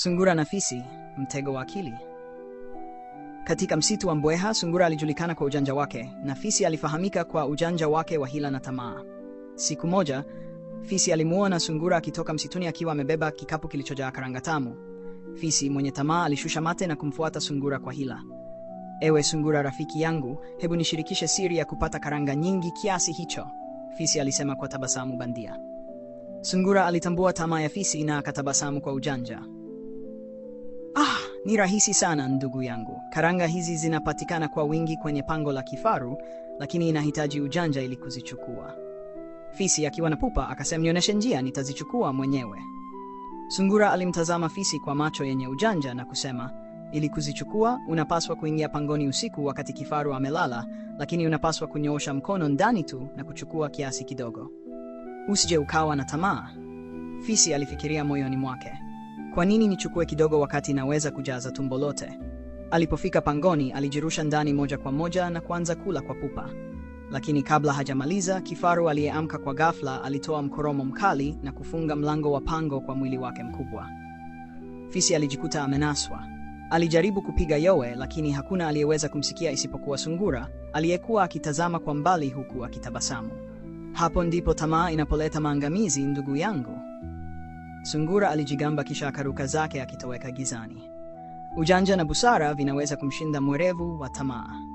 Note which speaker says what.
Speaker 1: Sungura na fisi, mtego wa akili. Katika msitu wa Mbweha, sungura alijulikana kwa ujanja wake na fisi alifahamika kwa ujanja wake wa hila na tamaa. Siku moja, fisi alimuona sungura akitoka msituni akiwa amebeba kikapu kilichojaa karanga tamu. Fisi mwenye tamaa alishusha mate na kumfuata sungura kwa hila. Ewe sungura rafiki yangu, hebu nishirikishe siri ya kupata karanga nyingi kiasi hicho, fisi alisema kwa tabasamu bandia. Sungura alitambua tamaa ya fisi na akatabasamu kwa ujanja.
Speaker 2: Ni rahisi sana ndugu yangu. Karanga hizi zinapatikana kwa wingi kwenye pango la kifaru, lakini inahitaji ujanja ili kuzichukua. Fisi akiwa na pupa akasema, nionyeshe njia, nitazichukua mwenyewe. Sungura alimtazama fisi kwa macho yenye ujanja na kusema, ili kuzichukua unapaswa kuingia pangoni usiku wakati kifaru amelala, lakini unapaswa kunyoosha mkono ndani tu na kuchukua kiasi kidogo.
Speaker 1: Usije ukawa na tamaa. Fisi alifikiria moyoni mwake. Kwa nini nichukue kidogo wakati naweza kujaza tumbo lote? Alipofika pangoni, alijirusha ndani moja kwa moja na kuanza kula kwa pupa, lakini kabla hajamaliza, kifaru aliyeamka kwa ghafla alitoa mkoromo mkali na kufunga mlango wa pango kwa mwili wake mkubwa. Fisi alijikuta amenaswa. Alijaribu kupiga yowe, lakini hakuna aliyeweza kumsikia isipokuwa sungura aliyekuwa akitazama kwa mbali huku akitabasamu. Hapo ndipo tamaa inapoleta maangamizi, ndugu yangu. Sungura alijigamba kisha akaruka zake akitoweka gizani. Ujanja na busara vinaweza kumshinda mwerevu wa tamaa.